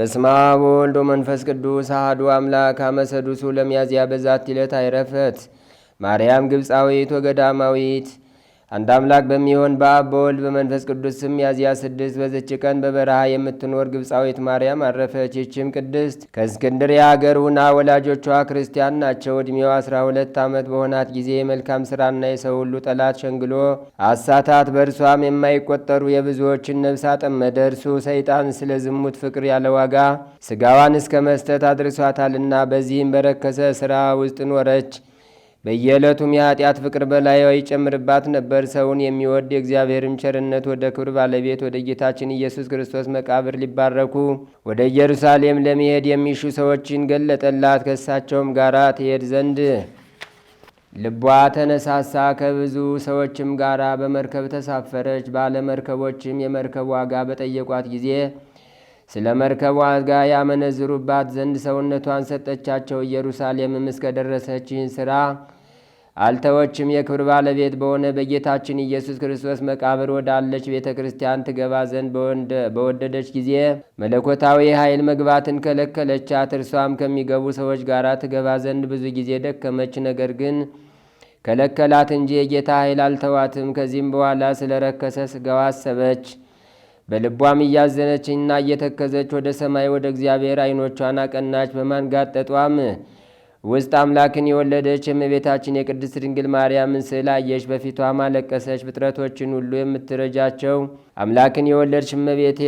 በስማ ወልዶ መንፈስ ቅዱስ አህዱ አምላክ አመሰዱሱ ለሚያዝያ በዛት ይለት አይረፈት ማርያም ግብፃዊት ወገዳማዊት አንድ አምላክ በሚሆን በአብ በወልድ በመንፈስ ቅዱስ ስም ሚያዝያ ስድስት በዝች ቀን በበረሃ የምትኖር ግብፃዊት ማርያም አረፈች። ይህችም ቅድስት ከእስክንድርያ አገር ሁና ወላጆቿ ክርስቲያን ናቸው። ዕድሜዋ አስራ ሁለት ዓመት በሆናት ጊዜ የመልካም ሥራና የሰው ሁሉ ጠላት ሸንግሎ አሳታት። በእርሷም የማይቆጠሩ የብዙዎችን ነብስ አጠመደ። እርሱ ሰይጣን ስለ ዝሙት ፍቅር ያለ ዋጋ ስጋዋን እስከ መስጠት አድርሷታልና በዚህም በረከሰ ሥራ ውስጥ ኖረች። በየዕለቱም የኃጢአት ፍቅር በላይዋ ይጨምርባት ነበር። ሰውን የሚወድ የእግዚአብሔርም ቸርነት ወደ ክብር ባለቤት ወደ ጌታችን ኢየሱስ ክርስቶስ መቃብር ሊባረኩ ወደ ኢየሩሳሌም ለመሄድ የሚሹ ሰዎችን ገለጠላት። ከእሳቸውም ጋራ ትሄድ ዘንድ ልቧ ተነሳሳ። ከብዙ ሰዎችም ጋራ በመርከብ ተሳፈረች። ባለመርከቦችም የመርከብ ዋጋ በጠየቋት ጊዜ ስለ መርከቧ ዋጋ ያመነዝሩባት ዘንድ ሰውነቷን ሰጠቻቸው። ኢየሩሳሌምም እስከደረሰች ይህን ስራ አልተወችም። የክብር ባለቤት በሆነ በጌታችን ኢየሱስ ክርስቶስ መቃብር ወዳለች ቤተ ክርስቲያን ትገባ ዘንድ በወደደች ጊዜ መለኮታዊ ኃይል መግባትን ከለከለቻት። እርሷም ከሚገቡ ሰዎች ጋር ትገባ ዘንድ ብዙ ጊዜ ደከመች፣ ነገር ግን ከለከላት እንጂ የጌታ ኃይል አልተዋትም። ከዚህም በኋላ ስለ ረከሰ ሥጋዋ አሰበች። በልቧም እያዘነችና እየተከዘች ወደ ሰማይ ወደ እግዚአብሔር ዓይኖቿን አቀናች። በማንጋጠጧም ውስጥ አምላክን የወለደች የእመቤታችን የቅድስት ድንግል ማርያምን ስዕል አየች። በፊቷም አለቀሰች። ፍጥረቶችን ሁሉ የምትረጃቸው አምላክን የወለደች እመቤቴ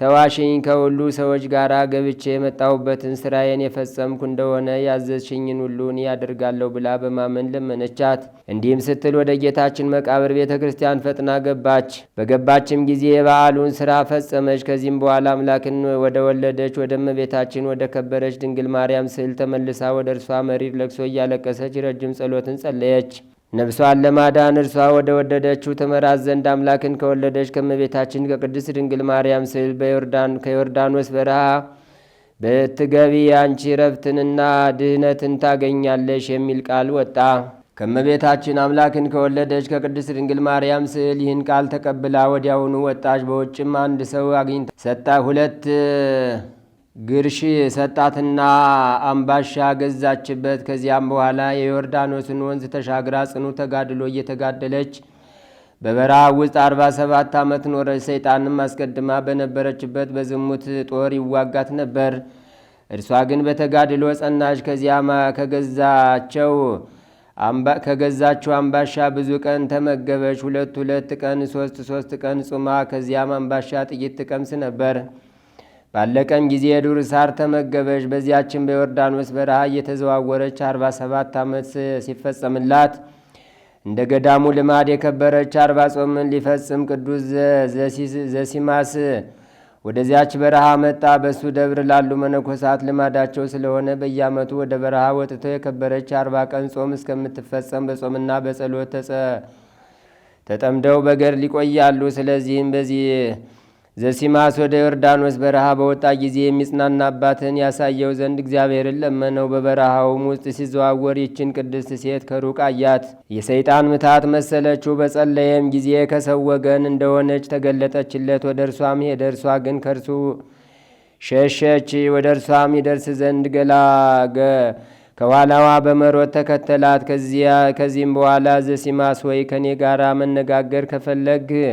ተዋሽኝ ከሁሉ ሰዎች ጋር ገብቼ የመጣሁበትን ስራዬን የፈጸምኩ እንደሆነ ያዘዝሽኝን ሁሉ እኔ ያደርጋለሁ ብላ በማመን ለመነቻት። እንዲህም ስትል ወደ ጌታችን መቃብር ቤተ ክርስቲያን ፈጥና ገባች። በገባችም ጊዜ የበዓሉን ስራ ፈጸመች። ከዚህም በኋላ አምላክን ወደ ወለደች ወደ እመቤታችን ወደ ከበረች ድንግል ማርያም ስዕል ተመልሳ ወደ እርሷ መሪር ለቅሶ እያለቀሰች ረጅም ጸሎትን ጸለየች። ነብሷን ለማዳን እርሷ ወደ ወደደችው ትመራት ዘንድ አምላክን ከወለደች ከመቤታችን ከቅድስት ድንግል ማርያም ስዕል ከዮርዳኖስ በረሃ ብትገቢ አንቺ ረፍትንና ድህነትን ታገኛለሽ የሚል ቃል ወጣ። ከመቤታችን አምላክን ከወለደች ከቅድስት ድንግል ማርያም ስዕል ይህን ቃል ተቀብላ ወዲያውኑ ወጣች። በውጭም አንድ ሰው አግኝታ ሰጣ ሁለት ግርሽ ሰጣትና አምባሻ ገዛችበት። ከዚያም በኋላ የዮርዳኖስን ወንዝ ተሻግራ ጽኑ ተጋድሎ እየተጋደለች በበረሃ ውስጥ አርባ ሰባት ዓመት ኖረች። ሰይጣንም አስቀድማ በነበረችበት በዝሙት ጦር ይዋጋት ነበር። እርሷ ግን በተጋድሎ ጸናች። ከዚያም ከገዛቸው ከገዛችው አምባሻ ብዙ ቀን ተመገበች። ሁለት ሁለት ቀን ሶስት ሶስት ቀን ጹማ ከዚያም አምባሻ ጥቂት ትቀምስ ነበር። ባለቀም ጊዜ የዱር ሳር ተመገበች። በዚያችን በዮርዳኖስ በረሃ እየተዘዋወረች 47 ዓመት ሲፈጸምላት እንደ ገዳሙ ልማድ የከበረች አርባ ጾምን ሊፈጽም ቅዱስ ዘሲማስ ወደዚያች በረሃ መጣ። በእሱ ደብር ላሉ መነኮሳት ልማዳቸው ስለሆነ በየዓመቱ ወደ በረሃ ወጥተው የከበረች አርባ ቀን ጾም እስከምትፈጸም በጾምና በጸሎት ተጠምደው በገር ሊቆያሉ። ስለዚህም በዚህ ዘሲማስ ወደ ዮርዳኖስ በረሃ በወጣ ጊዜ የሚጽናናባትን ያሳየው ዘንድ እግዚአብሔርን ለመነው። በበረሃውም ውስጥ ሲዘዋወር ይችን ቅድስት ሴት ከሩቅ አያት፣ የሰይጣን ምታት መሰለችው። በጸለየም ጊዜ ከሰው ወገን እንደሆነች ተገለጠችለት። ወደ እርሷም ሄደ። እርሷ ግን ከእርሱ ሸሸች። ወደ እርሷም ይደርስ ዘንድ ገላገ ከኋላዋ በመሮት ተከተላት። ከዚህም በኋላ ዘሲማስ ወይ ከእኔ ጋራ መነጋገር ከፈለግህ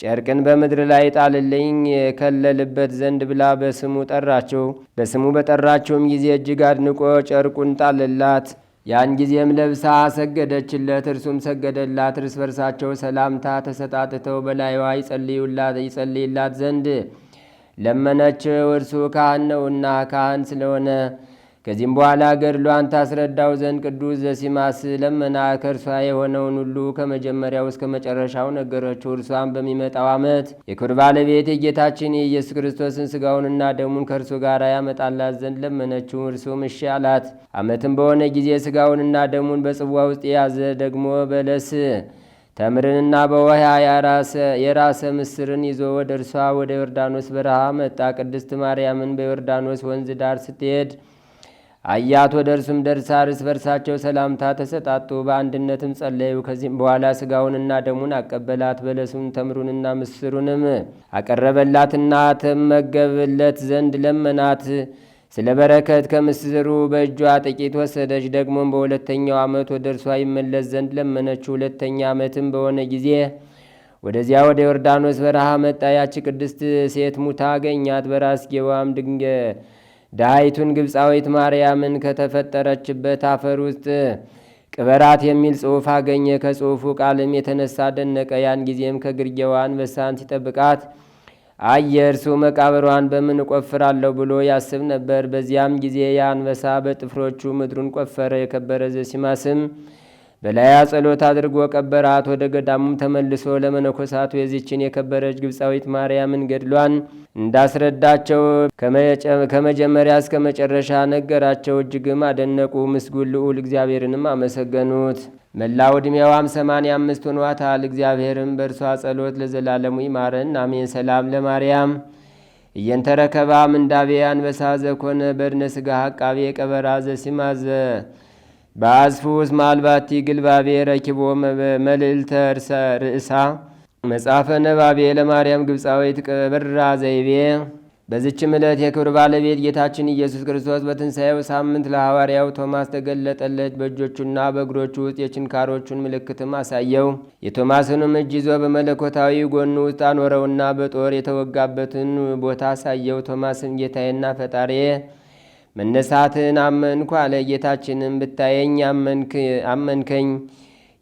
ጨርቅን በምድር ላይ ጣልልኝ የከለልበት ዘንድ ብላ በስሙ ጠራችው። በስሙ በጠራችውም ጊዜ እጅግ አድንቆ ጨርቁን ጣልላት። ያን ጊዜም ለብሳ ሰገደችለት፣ እርሱም ሰገደላት። እርስ በርሳቸው ሰላምታ ተሰጣጥተው በላይዋ ይጸልዩላት ይጸልይላት ዘንድ ለመነችው። እርሱ ካህን ነውና ካህን ስለሆነ ከዚህም በኋላ ገድሏን ታስረዳው ዘንድ ቅዱስ ዘሲማስ ለመና። ከእርሷ የሆነውን ሁሉ ከመጀመሪያው እስከ መጨረሻው ነገረችው። እርሷን በሚመጣው ዓመት የክብር ባለቤት የጌታችን የኢየሱስ ክርስቶስን ስጋውንና ደሙን ከእርሱ ጋር ያመጣላት ዘንድ ለመነችው። እርሱም እሺ አላት። ዓመትም በሆነ ጊዜ ስጋውንና ደሙን በጽዋ ውስጥ የያዘ ደግሞ በለስ ተምርንና በውሃ የራሰ ምስርን ይዞ ወደ እርሷ ወደ ዮርዳኖስ በረሃ መጣ። ቅድስት ማርያምን በዮርዳኖስ ወንዝ ዳር ስትሄድ አያት ወደ እርሱም ደርሳ እርስ በርሳቸው ሰላምታ ተሰጣጡ። በአንድነትም ጸለዩ። ከዚህም በኋላ ስጋውንና ደሙን አቀበላት። በለሱን ተምሩንና ምስሩንም አቀረበላትና ተመገብለት ዘንድ ለመናት። ስለ በረከት ከምስሩ በእጇ ጥቂት ወሰደች። ደግሞም በሁለተኛው ዓመት ወደ እርሷ ይመለስ ዘንድ ለመነች ሁለተኛ ዓመትም በሆነ ጊዜ ወደዚያ ወደ ዮርዳኖስ በረሃ መጣ። ያቺ ቅድስት ሴት ሙታ አገኛት። በራስጌዋም ድንገ ዳይቱን ግብፃዊት ማርያምን ከተፈጠረችበት አፈር ውስጥ ቅበራት የሚል ጽሑፍ አገኘ። ከጽሑፉ ቃልም የተነሳ ደነቀ። ያን ጊዜም ከግርጌዋ አንበሳን ሲጠብቃት አየ። እርሱ መቃብሯን በምን እቆፍራለሁ ብሎ ያስብ ነበር። በዚያም ጊዜ የአንበሳ በጥፍሮቹ ምድሩን ቆፈረ። የከበረ ዘሲማስም በላያ ጸሎት አድርጎ ቀበራት። ወደ ገዳሙም ተመልሶ ለመነኮሳቱ የዚችን የከበረች ግብፃዊት ማርያምን ገድሏን እንዳስረዳቸው ከመጀመሪያ እስከ መጨረሻ ነገራቸው። እጅግም አደነቁ። ምስጉን ልዑል እግዚአብሔርንም አመሰገኑት። መላው ዕድሜዋም ሰማንያ አምስት ሆኗታል። እግዚአብሔርም በእርሷ ጸሎት ለዘላለሙ ይማረን አሜን። ሰላም ለማርያም እየንተረከባ ምንዳቤ አንበሳ ዘኮነ በድነ ስጋ አቃቤ ቀበራ ዘሲማዘ በአዝፉስ ማልባቲ ግልባቤ ረኪቦ መልእልተ ርእሳ መጽሐፈ ነባቤ ለማርያም ግብፃዊት ቀብራ ዘይቤ። በዚችም ዕለት የክብር ባለቤት ጌታችን ኢየሱስ ክርስቶስ በትንሣኤው ሳምንት ለሐዋርያው ቶማስ ተገለጠለት። በእጆቹና በእግሮቹ ውስጥ የችንካሮቹን ምልክትም አሳየው። የቶማስንም እጅ ይዞ በመለኮታዊ ጎኑ ውስጥ አኖረውና በጦር የተወጋበትን ቦታ አሳየው። ቶማስን ጌታዬና ፈጣሬ መነሳትን አመንኩ አለ። ጌታችንም ብታየኝ አመንከኝ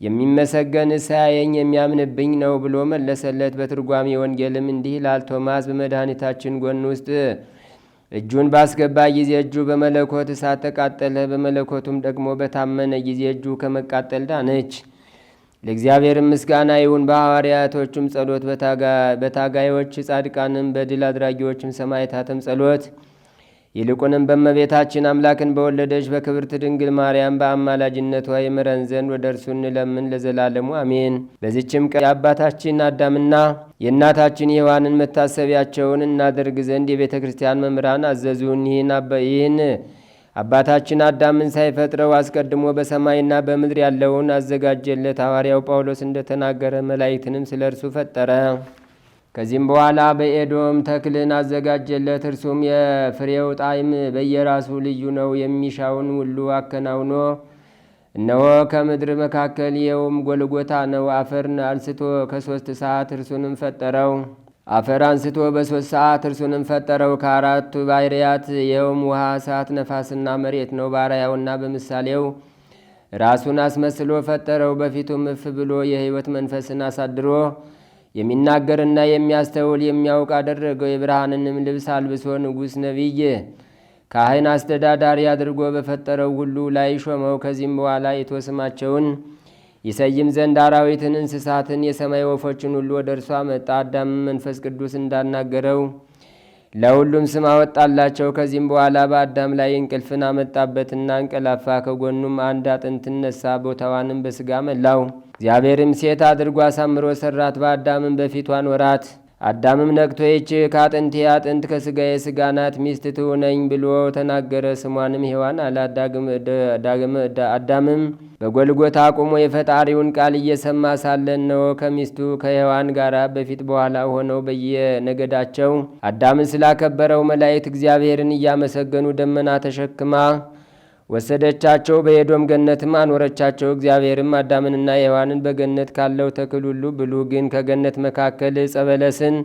የሚመሰገን ሳያየኝ የሚያምንብኝ ነው ብሎ መለሰለት። በትርጓሜ ወንጌልም እንዲህ ይላል። ቶማስ በመድኃኒታችን ጎን ውስጥ እጁን ባስገባ ጊዜ እጁ በመለኮት እሳት ተቃጠለ። በመለኮቱም ደግሞ በታመነ ጊዜ እጁ ከመቃጠል ዳነች። ለእግዚአብሔር ምስጋና ይሁን። በሐዋርያቶቹም ጸሎት፣ በታጋዮች ጻድቃንም፣ በድል አድራጊዎችም ሰማዕታትም ጸሎት ይልቁንም በመቤታችን አምላክን በወለደች በክብርት ድንግል ማርያም በአማላጅነቷ ይምረን ዘንድ ወደ እርሱ እንለምን ለዘላለሙ አሜን። በዚችም ቀን የአባታችን አዳምና የእናታችን ሔዋንን መታሰቢያቸውን እናደርግ ዘንድ የቤተ ክርስቲያን መምህራን አዘዙን። ይህን አባታችን አዳምን ሳይፈጥረው አስቀድሞ በሰማይና በምድር ያለውን አዘጋጀለት። ሐዋርያው ጳውሎስ እንደተናገረ መላእክትንም ስለ እርሱ ፈጠረ። ከዚህም በኋላ በኤዶም ተክልን አዘጋጀለት። እርሱም የፍሬው ጣዕም በየራሱ ልዩ ነው። የሚሻውን ሁሉ አከናውኖ እነሆ ከምድር መካከል የውም ጎልጎታ ነው። አፈርን አንስቶ ከሶስት ሰዓት እርሱንም ፈጠረው። አፈር አንስቶ በሶስት ሰዓት እርሱንም ፈጠረው። ከአራቱ ባህርያት የውም ውሃ፣ እሳት፣ ነፋስና መሬት ነው። ባርያውና በምሳሌው ራሱን አስመስሎ ፈጠረው። በፊቱም እፍ ብሎ የሕይወት መንፈስን አሳድሮ የሚናገርና የሚያስተውል የሚያውቅ አደረገው። የብርሃንንም ልብስ አልብሶ ንጉሥ፣ ነቢይ፣ ካህን፣ አስተዳዳሪ አድርጎ በፈጠረው ሁሉ ላይ ሾመው። ከዚህም በኋላ የተወስማቸውን ይሰይም ዘንድ አራዊትን፣ እንስሳትን፣ የሰማይ ወፎችን ሁሉ ወደ እርሷ መጣ አዳም መንፈስ ቅዱስ እንዳናገረው ለሁሉም ስም አወጣላቸው። ከዚህም በኋላ በአዳም ላይ እንቅልፍን አመጣበትና እንቀላፋ። ከጎኑም አንድ አጥንት ነሳ፣ ቦታዋንም በስጋ መላው። እግዚአብሔርም ሴት አድርጎ አሳምሮ ሰራት። በአዳምም በፊቷን ወራት አዳምም ነቅቶ ይች ከአጥንቴ አጥንት ከስጋዬ ስጋ ናት ሚስት ትሁነኝ ብሎ ተናገረ። ስሟንም ሔዋን አላት። አዳምም በጎልጎታ አቁሞ የፈጣሪውን ቃል እየሰማ ሳለ ነው። ከሚስቱ ከሔዋን ጋር በፊት በኋላ ሆነው በየነገዳቸው አዳምን ስላከበረው መላእክት እግዚአብሔርን እያመሰገኑ ደመና ተሸክማ ወሰደቻቸው፣ በኤዶም ገነትም አኖረቻቸው። እግዚአብሔርም አዳምንና ሔዋንን በገነት ካለው ተክል ሁሉ ብሉ፣ ግን ከገነት መካከል ዕፀ በለስን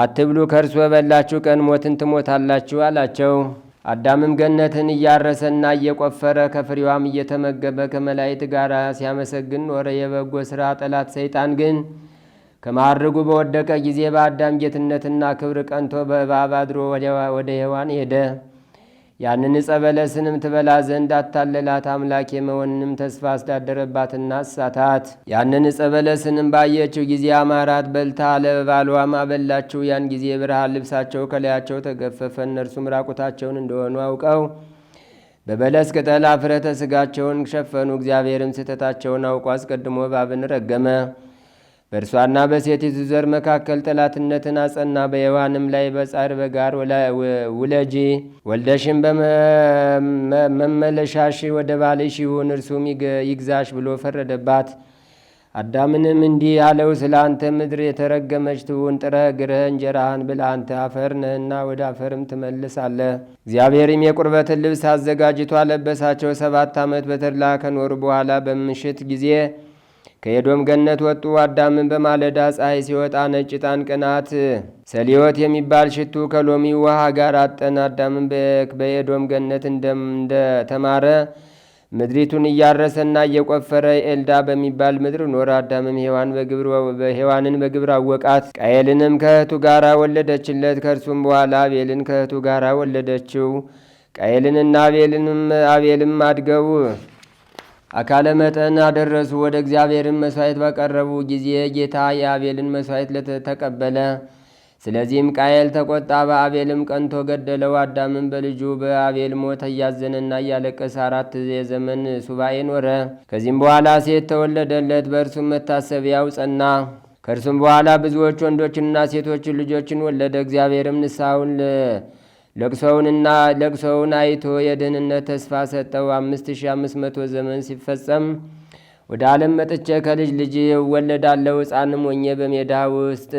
አትብሉ፣ ከእርሱ በበላችሁ ቀን ሞትን ትሞታላችሁ አላቸው። አዳምም ገነትን እያረሰና እየቆፈረ ከፍሬዋም እየተመገበ ከመላእክት ጋር ሲያመሰግን ኖረ። የበጎ ሥራ ጠላት ሰይጣን ግን ከማዕርጉ በወደቀ ጊዜ በአዳም ጌትነትና ክብር ቀንቶ በእባብ አድሮ ወደ ሔዋን ሄደ። ያንን ዕፀ በለስንም ትበላ ዘንድ አታለላት። አምላክ የመሆንንም ተስፋ አስዳደረባትና አሳታት። ያንን ዕፀ በለስንም ባየችው ጊዜ አማራት፣ በልታ ለባሏም አበላችው። ያን ጊዜ የብርሃን ልብሳቸው ከላያቸው ተገፈፈ። እነርሱም ራቁታቸውን እንደሆኑ አውቀው በበለስ ቅጠል አፍረተ ስጋቸውን ሸፈኑ። እግዚአብሔርም ስህተታቸውን አውቆ አስቀድሞ እባብን ረገመ። በእርሷና በሴቲቱ ዘር መካከል ጠላትነትን አጸና። በየዋንም ላይ በጻር በጋር ውለጂ ወልደሽን በመመለሻሽ ወደ ባልሽ ይሁን እርሱም ይግዛሽ ብሎ ፈረደባት። አዳምንም እንዲህ አለው፣ ስለ አንተ ምድር የተረገመች ትውን ጥረህ ግረህ እንጀራህን ብል አንተ አፈር ነህና ወደ አፈርም ትመልሳለህ። እግዚአብሔርም የቁርበትን ልብስ አዘጋጅቶ አለበሳቸው። ሰባት ዓመት በተድላ ከኖሩ በኋላ በምሽት ጊዜ ከኤዶም ገነት ወጡ። አዳምን በማለዳ ፀሐይ ሲወጣ ነጭ ጣን ቅናት ሰሊዮት የሚባል ሽቱ ከሎሚ ውሃ ጋር አጠን። አዳምን በኤዶም ገነት እንደተማረ ምድሪቱን እያረሰና እየቆፈረ ኤልዳ በሚባል ምድር ኖረ። አዳምም ሔዋንን በግብር አወቃት። ቃየልንም ከእህቱ ጋር ወለደችለት። ከእርሱም በኋላ አቤልን ከእህቱ ጋር ወለደችው። ቃየልንና አቤልንም አቤልም አድገው አካለ መጠን አደረሱ። ወደ እግዚአብሔርን መስዋዕት በቀረቡ ጊዜ ጌታ የአቤልን መስዋዕት ተቀበለ። ስለዚህም ቃየል ተቆጣ፣ በአቤልም ቀንቶ ገደለው። አዳምን በልጁ በአቤል ሞት እያዘነና እያለቀሰ አራት የዘመን ሱባኤ ኖረ። ከዚህም በኋላ ሴት ተወለደለት፣ በእርሱም መታሰቢያው ጸና። ከእርሱም በኋላ ብዙዎች ወንዶችንና ሴቶችን ልጆችን ወለደ። እግዚአብሔርም ንስሐውን ለቅሶውንና ለቅሶውን አይቶ የድህንነት ተስፋ ሰጠው። አምስት ሺ አምስት መቶ ዘመን ሲፈጸም ወደ ዓለም መጥቼ ከልጅ ልጅ እወለዳለሁ፣ ሕፃንም ሆኜ በሜዳ ውስጥ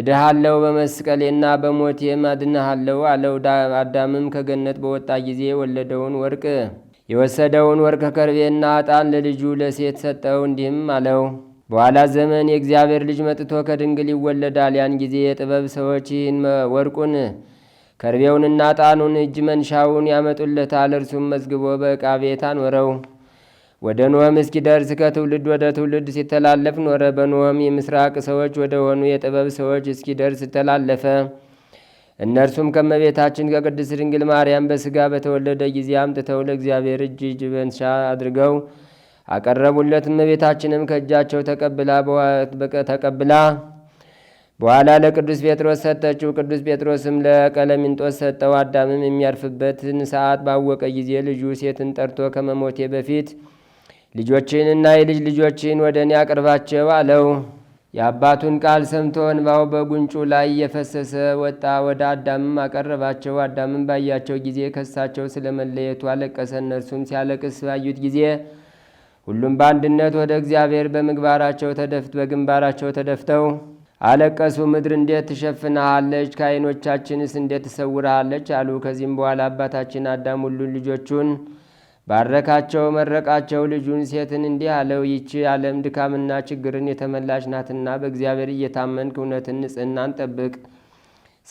እድሃለሁ፣ በመስቀሌና በሞቴም አድንሃለሁ አለው። አዳምም ከገነት በወጣ ጊዜ የወለደውን ወርቅ የወሰደውን ወርቅ ከርቤና ዕጣን ለልጁ ለሴት ሰጠው፣ እንዲህም አለው በኋላ ዘመን የእግዚአብሔር ልጅ መጥቶ ከድንግል ይወለዳል። ያን ጊዜ የጥበብ ሰዎች ይህን ወርቁን ከርቤውንና ጣኑን እጅ መንሻውን ያመጡለታል። እርሱም መዝግቦ በዕቃ ቤት አኖረው። ወደ እስኪ እስኪደርስ ከትውልድ ወደ ትውልድ ሲተላለፍ ኖረ። በኖኸም የምስራቅ ሰዎች ወደ ሆኑ የጥበብ ሰዎች እስኪደርስ ተላለፈ። እነርሱም ከመቤታችን ከቅድስት ድንግል ማርያም በስጋ በተወለደ ጊዜ አምጥተው ለእግዚአብሔር እጅ እጅ መንሻ አድርገው አቀረቡለት። እመቤታችንም ከእጃቸው ተቀብላ በኋላ ለቅዱስ ጴጥሮስ ሰጠችው። ቅዱስ ጴጥሮስም ለቀለሚንጦስ ሰጠው። አዳምም የሚያርፍበትን ሰዓት ባወቀ ጊዜ ልጁ ሴትን ጠርቶ ከመሞቴ በፊት ልጆችንና የልጅ ልጆችን ወደ እኔ አቅርባቸው አለው። የአባቱን ቃል ሰምቶ እንባው በጉንጩ ላይ የፈሰሰ ወጣ። ወደ አዳምም አቀረባቸው። አዳምም ባያቸው ጊዜ ከሳቸው መለየቱ አለቀሰ። እነርሱም ሲያለቅስ ባዩት ጊዜ ሁሉም በአንድነት ወደ እግዚአብሔር በምግባራቸው ተደፍት በግንባራቸው ተደፍተው አለቀሱ። ምድር እንዴት ትሸፍናሃለች ከዓይኖቻችንስ እንዴት ትሰውርሃለች? አሉ። ከዚህም በኋላ አባታችን አዳም ሁሉን ልጆቹን ባረካቸው፣ መረቃቸው። ልጁን ሴትን እንዲህ አለው፣ ይቺ ዓለም ድካምና ችግርን የተመላች ናትና በእግዚአብሔር እየታመንክ እውነትን፣ ንጽሕናን ጠብቅ።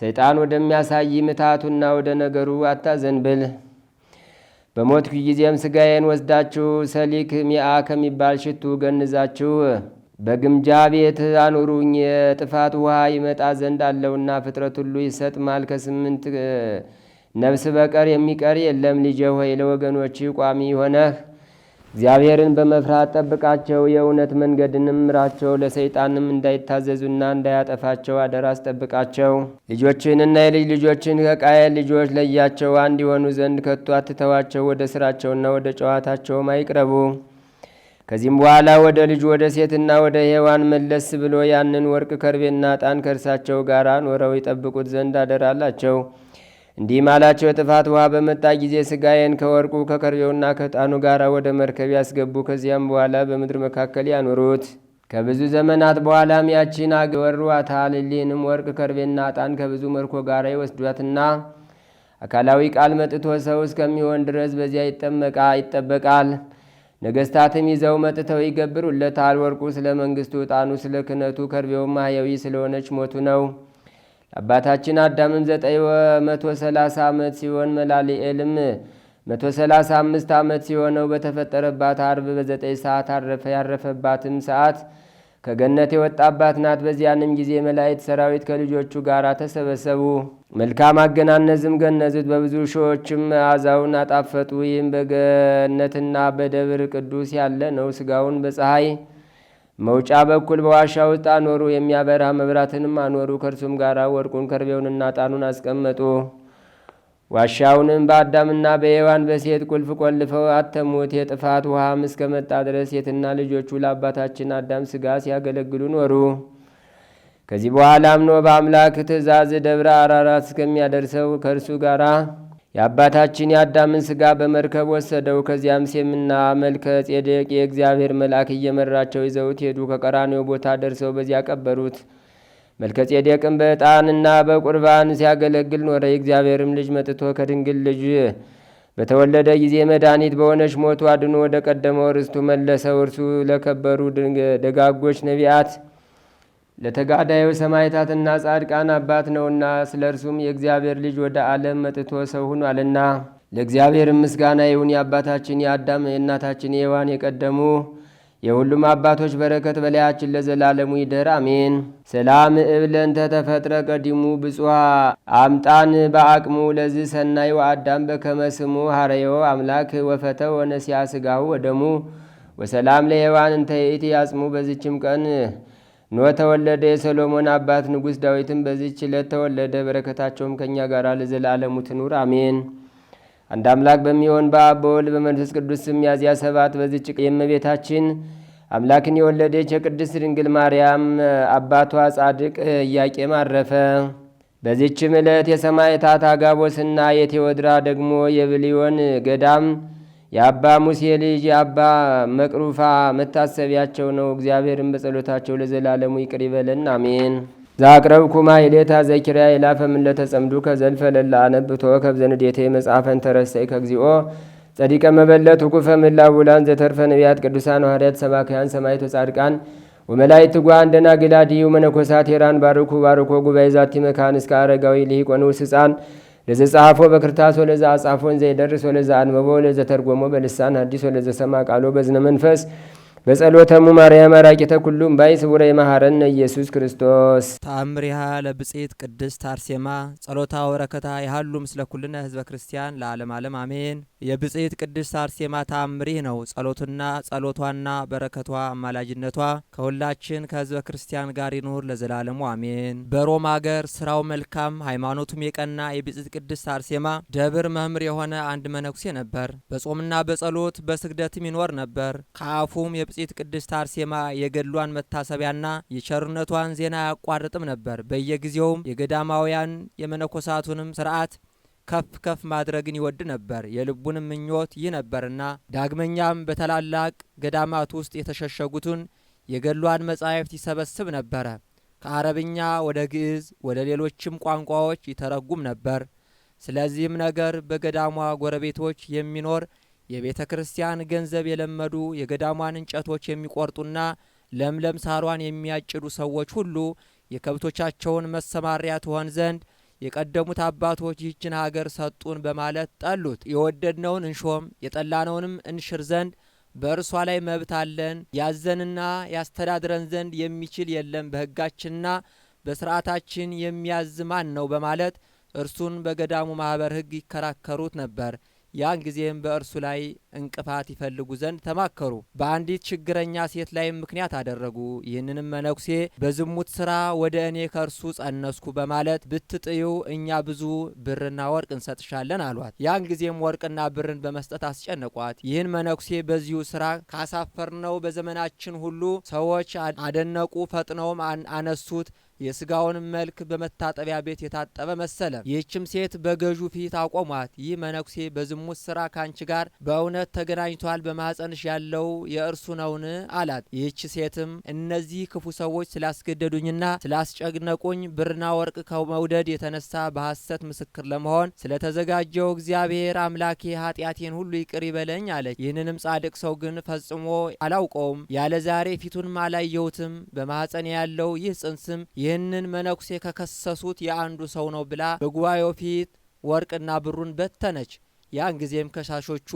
ሰይጣን ወደሚያሳይ ምትሃቱና ወደ ነገሩ አታዘንብል። በሞትኩ ጊዜም ስጋዬን ወስዳችሁ ሰሊክ ሚአ ከሚባል ሽቱ ገንዛችሁ በግምጃ ቤት አኑሩኝ የጥፋት ውሃ ይመጣ ዘንድ አለውና ፍጥረት ሁሉ ይሰጥማል። ከስምንት ነፍስ በቀር የሚቀር የለም። ልጄ ሆይ ለወገኖች ቋሚ ሆነህ እግዚአብሔርን በመፍራት ጠብቃቸው፣ የእውነት መንገድንም ምራቸው። ለሰይጣንም እንዳይታዘዙና እንዳያጠፋቸው አደራ አስጠብቃቸው። ልጆችንና የልጅ ልጆችን ከቃየል ልጆች ለያቸው፣ አንድ የሆኑ ዘንድ ከቶ አትተዋቸው። ወደ ስራቸውና ወደ ጨዋታቸውም አይቅረቡ። ከዚህም በኋላ ወደ ልጅ ወደ ሴትና ወደ ሔዋን መለስ ብሎ ያንን ወርቅ ከርቤና ዕጣን ከእርሳቸው ጋር ኖረው ይጠብቁት ዘንድ አደራላቸው። እንዲህም አላቸው፣ የጥፋት ውሃ በመጣ ጊዜ ስጋዬን ከወርቁ ከከርቤውና ከዕጣኑ ጋር ወደ መርከብ ያስገቡ። ከዚያም በኋላ በምድር መካከል ያኖሩት። ከብዙ ዘመናት በኋላም ያቺን አገር ይወሯታል። እሊህንም ወርቅ ከርቤና ዕጣን ከብዙ መርኮ ጋር ይወስዷትና አካላዊ ቃል መጥቶ ሰው እስከሚሆን ድረስ በዚያ ይጠመቃ ይጠበቃል። ነገስታትም ይዘው መጥተው ይገብሩለታል። ወርቁ ስለ መንግሥቱ፣ ዕጣኑ ስለ ክህነቱ፣ ከርቤውም ማህያዊ ስለሆነች ሞቱ ነው። አባታችን አዳምም ዘጠኝ መቶ ሰላሳ ዓመት ሲሆን መላሊኤልም መቶ ሰላሳ አምስት ዓመት ሲሆነው በተፈጠረባት አርብ በዘጠኝ ሰዓት አረፈ። ያረፈባትም ሰዓት ከገነት የወጣባት ናት። በዚያንም ጊዜ መላእክት ሰራዊት ከልጆቹ ጋር ተሰበሰቡ። መልካም አገናነዝም ገነዙት፣ በብዙ ሺዎችም መዓዛውን አጣፈጡ። ይህም በገነትና በደብር ቅዱስ ያለ ነው። ስጋውን በፀሐይ መውጫ በኩል በዋሻ ውስጥ አኖሩ። የሚያበራ መብራትንም አኖሩ። ከእርሱም ጋር ወርቁን፣ ከርቤውንና ጣኑን አስቀመጡ። ዋሻውንም በአዳምና በሔዋን በሴት ቁልፍ ቆልፈው አተሙት። የጥፋት ውሃም እስከመጣ ድረስ ሴትና ልጆቹ ለአባታችን አዳም ስጋ ሲያገለግሉ ኖሩ። ከዚህ በኋላም ኖህ በአምላክ ትእዛዝ ደብረ አራራት እስከሚያደርሰው ከእርሱ ጋር የአባታችን የአዳምን ስጋ በመርከብ ወሰደው። ከዚያም ሴምና መልከ ጼዴቅ የእግዚአብሔር መልአክ እየመራቸው ይዘውት ሄዱ። ከቀራኔው ቦታ ደርሰው በዚያ ቀበሩት። መልከጼዴቅም በዕጣንና በቁርባን ሲያገለግል ኖረ። የእግዚአብሔርም ልጅ መጥቶ ከድንግል ልጅ በተወለደ ጊዜ መድኃኒት በሆነች ሞቱ አድኖ ወደ ቀደመው ርስቱ መለሰው። እርሱ ለከበሩ ደጋጎች ነቢያት፣ ለተጋዳዩ ሰማይታትና ጻድቃን አባት ነውና ስለ እርሱም የእግዚአብሔር ልጅ ወደ ዓለም መጥቶ ሰው ሆኗልና ለእግዚአብሔር ምስጋና ይሁን። የአባታችን የአዳም የእናታችን የሔዋን የቀደሙ የሁሉም አባቶች በረከት በላያችን ለዘላለሙ ይደር አሜን። ሰላም እብለን ተተፈጥረ ቀዲሙ ብፁሃ አምጣን በአቅሙ ለዚህ ሰናይ ወአዳም በከመስሙ ሀረዮ አምላክ ወፈተ ወነሲያ ስጋሁ ወደሙ ወሰላም ለየዋን እንተይእቲ ያጽሙ። በዚችም ቀን ኖ ተወለደ የሰሎሞን አባት ንጉሥ ዳዊትም በዚች ዕለት ተወለደ። በረከታቸውም ከእኛ ጋር ለዘላለሙ ትኑር አሜን። አንድ አምላክ በሚሆን በአብ በወልድ በመንፈስ ቅዱስ ስም ሚያዝያ ሰባት በዚች የእመቤታችን አምላክን የወለደች የቅድስት ድንግል ማርያም አባቷ ጻድቅ ኢያቄም አረፈ። በዚችም ዕለት የሰማዕታት አጋቦስና የቴዎድራ ደግሞ የብሊዮን ገዳም የአባ ሙሴ ልጅ የአባ መቅሩፋ መታሰቢያቸው ነው። እግዚአብሔርን በጸሎታቸው ለዘላለሙ ይቅር ይበለን፣ አሜን። ዛቅረብኩ ማሕሌታ ዘኪርያ ይላፈ እምለተ ጸምዱከ ለላ አነብቶ ከብዘንዴቴ መጽሐፈን ተረሰይ ከግዚኦ ጸዲቀ መበለት ውኩፈ ምላቡላን ዘተርፈ ነቢያት ቅዱሳን ሐዋርያት ሰባክያን ሰማይቶ ጻድቃን ወመላእክት እንደና ደናግላዲ መነኮሳት ሄራን ባርኩ ባርኮ ጉባኤ ዛቲ መካን እስከ አረጋዊ ልሂቆን ውስ ለዘ ጸሐፎ በክርታስ ወለዘ አጻፎን ዘይደርስ ወለዘ አንበቦ ለዘተርጎሞ በልሳን ወለዘ ሰማ ቃሎ በዝነ መንፈስ በጸሎተሙ ማርያም አራቂተ ኩሉም ባይ ስቡረ የማሃረነ ኢየሱስ ክርስቶስ ተአምሪሃ ለብጽት ቅድስት አርሴማ ጸሎታ ወረከታ ያሃሉ ምስለ ኩልነ ህዝበ ክርስቲያን ለዓለም ዓለም አሜን። የብጽት ቅድስት አርሴማ ተአምሪህ ነው። ጸሎትና ጸሎቷና በረከቷ አማላጅነቷ ከሁላችን ከህዝበ ክርስቲያን ጋር ይኑር ለዘላለሙ አሜን። በሮም አገር ስራው መልካም ሃይማኖቱም የቀና የብጽት ቅድስት አርሴማ ደብር መምህር የሆነ አንድ መነኩሴ ነበር። በጾምና በጸሎት በስግደትም ይኖር ነበር። ከአፉም ብጽት ቅድስት አርሴማ የገድሏን መታሰቢያና የቸርነቷን ዜና አያቋርጥም ነበር። በየጊዜውም የገዳማውያን የመነኮሳቱንም ስርዓት ከፍ ከፍ ማድረግን ይወድ ነበር። የልቡንም ምኞት ይህ ነበርና ዳግመኛም በታላላቅ ገዳማት ውስጥ የተሸሸጉትን የገድሏን መጻሕፍት ይሰበስብ ነበረ። ከአረብኛ ወደ ግዕዝ፣ ወደ ሌሎችም ቋንቋዎች ይተረጉም ነበር። ስለዚህም ነገር በገዳሟ ጎረቤቶች የሚኖር የቤተ ክርስቲያን ገንዘብ የለመዱ የገዳሟን እንጨቶች የሚቆርጡና ለምለም ሳሯን የሚያጭዱ ሰዎች ሁሉ የከብቶቻቸውን መሰማሪያ ትሆን ዘንድ የቀደሙት አባቶች ይህችን ሀገር ሰጡን በማለት ጠሉት። የወደድነውን እንሾም የጠላነውንም እንሽር ዘንድ በእርሷ ላይ መብት አለን። ያዘንና ያስተዳድረን ዘንድ የሚችል የለም፣ በሕጋችንና በስርዓታችን የሚያዝ ማን ነው? በማለት እርሱን በገዳሙ ማኅበር ሕግ ይከራከሩት ነበር። ያን ጊዜም በእርሱ ላይ እንቅፋት ይፈልጉ ዘንድ ተማከሩ። በአንዲት ችግረኛ ሴት ላይም ምክንያት አደረጉ። ይህንንም መነኩሴ በዝሙት ስራ ወደ እኔ ከእርሱ ጸነስኩ በማለት ብትጥዩ እኛ ብዙ ብርና ወርቅ እንሰጥሻለን አሏት። ያን ጊዜም ወርቅና ብርን በመስጠት አስጨነቋት። ይህን መነኩሴ በዚሁ ስራ ካሳፈርነው በዘመናችን ሁሉ ሰዎች አደነቁ፣ ፈጥነውም አነሱት። የስጋውንም መልክ በመታጠቢያ ቤት የታጠበ መሰለ። ይህችም ሴት በገዡ ፊት አቆሟት። ይህ መነኩሴ በዝሙት ስራ ካንቺ ጋር በእውነት ተገናኝቷል፣ በማኅፀንሽ ያለው የእርሱ ነውን? አላት። ይህች ሴትም እነዚህ ክፉ ሰዎች ስላስገደዱኝና ስላስጨነቁኝ ብርና ወርቅ ከመውደድ የተነሳ በሐሰት ምስክር ለመሆን ስለተዘጋጀው እግዚአብሔር አምላኬ ኃጢአቴን ሁሉ ይቅር ይበለኝ አለች። ይህንንም ጻድቅ ሰው ግን ፈጽሞ አላውቀውም፣ ያለ ዛሬ ፊቱንም አላየሁትም፣ በማኅፀኔ ያለው ይህ ጽንስም ይህ ይህንን መነኩሴ ከከሰሱት የአንዱ ሰው ነው ብላ በጉባኤው ፊት ወርቅና ብሩን በተነች። ያን ጊዜም ከሳሾቹ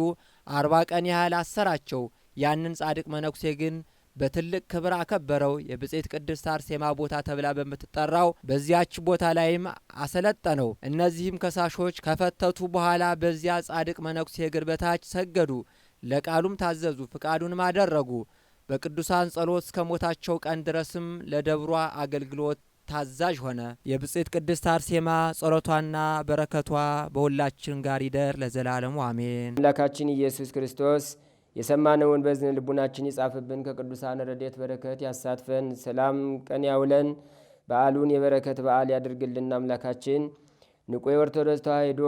አርባ ቀን ያህል አሰራቸው። ያንን ጻድቅ መነኩሴ ግን በትልቅ ክብር አከበረው። የብጽት ቅድስት አርሴማ ቦታ ተብላ በምትጠራው በዚያች ቦታ ላይም አሰለጠነው። እነዚህም ከሳሾች ከፈተቱ በኋላ በዚያ ጻድቅ መነኩሴ እግር በታች ሰገዱ፣ ለቃሉም ታዘዙ፣ ፍቃዱንም አደረጉ። በቅዱሳን ጸሎት እስከ ሞታቸው ቀን ድረስም ለደብሯ አገልግሎት ታዛዥ ሆነ። የብጽት ቅድስት አርሴማ ጸሎቷና በረከቷ በሁላችን ጋር ይደር ለዘላለሙ አሜን። አምላካችን ኢየሱስ ክርስቶስ የሰማነውን በዝን ልቡናችን ይጻፍብን፣ ከቅዱሳን ረድኤት በረከት ያሳትፈን፣ ሰላም ቀን ያውለን፣ በዓሉን የበረከት በዓል ያድርግልን። አምላካችን ንቁ የኦርቶዶክስ ተዋሕዶ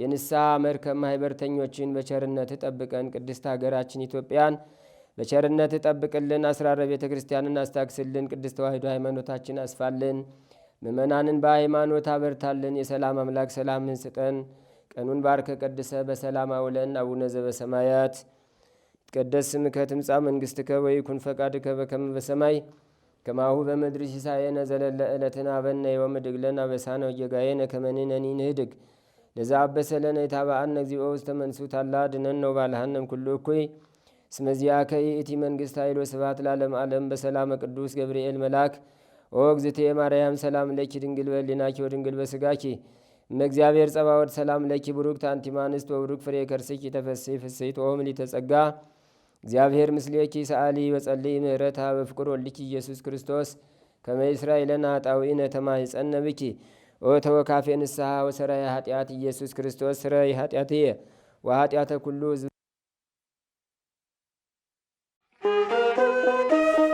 የንስሐ መርከብ ማህበርተኞችን በቸርነት ጠብቀን፣ ቅድስት ሀገራችን ኢትዮጵያን በቸርነት ጠብቅልን። አስራረ ቤተ ክርስቲያንን አስታክስልን። ቅድስት ተዋሕዶ ሃይማኖታችን አስፋልን። ምእመናንን በሃይማኖት አበርታልን። የሰላም አምላክ ሰላምን ስጠን። ቀኑን ባርከ ቀድሰ በሰላም አውለን። አቡነ ዘበሰማያት ይትቀደስ ስምከ ትምጻእ መንግሥትከ ወይኩን ፈቃድከ በከመ በሰማይ ከማሁ በምድር ሲሳየነ ዘለለ ዕለትነ ሀበነ ዮም ወኅድግ ለነ አበሳነ ወጌጋየነ ከመ ንሕነኒ ንኅድግ ለዘ አበሰ ለነ ኢታብአነ እግዚኦ ውስተ መንሱት አላ አድኅነነ ወባልሐነ እምኩሉ እኩይ እስመዚያ ከይእቲ መንግስት ኃይሎ ስብሐት ለዓለም ዓለም በሰላም ቅዱስ ገብርኤል መልአክ ኦግዝቴ ማርያም ሰላም ለኪ ድንግል በሊናኪ ወድንግል በስጋኪ እመእግዚአብሔር ጸባወድ ሰላም ለኪ ብሩክት አንቲ እምአንስት ወብሩክ ፍሬ ከርስኪ ተፈሴ ፍሥሕት ኦምሊ ሊተጸጋ እግዚአብሔር ምስሌኪ ሰአሊ በጸልይ ምህረታ በፍቅር ወልኪ ኢየሱስ ክርስቶስ ከመ ይስራኤለነ ኃጣውኢነ ተማኅፀነ ብኪ ኦ ተወካፌ ንስሐ ወሰራይ ኃጢአት ኢየሱስ ክርስቶስ ስረይ ኃጢአትየ ወኃጢአተ ኩሉ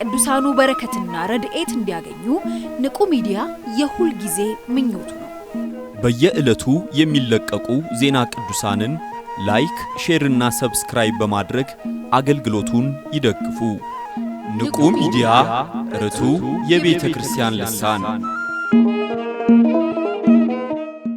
የቅዱሳኑ በረከትና ረድኤት እንዲያገኙ ንቁ ሚዲያ የሁል ጊዜ ምኞቱ ነው። በየዕለቱ የሚለቀቁ ዜና ቅዱሳንን ላይክ፣ ሼርና ሰብስክራይብ በማድረግ አገልግሎቱን ይደግፉ። ንቁ ሚዲያ ርቱ የቤተ ክርስቲያን ልሳን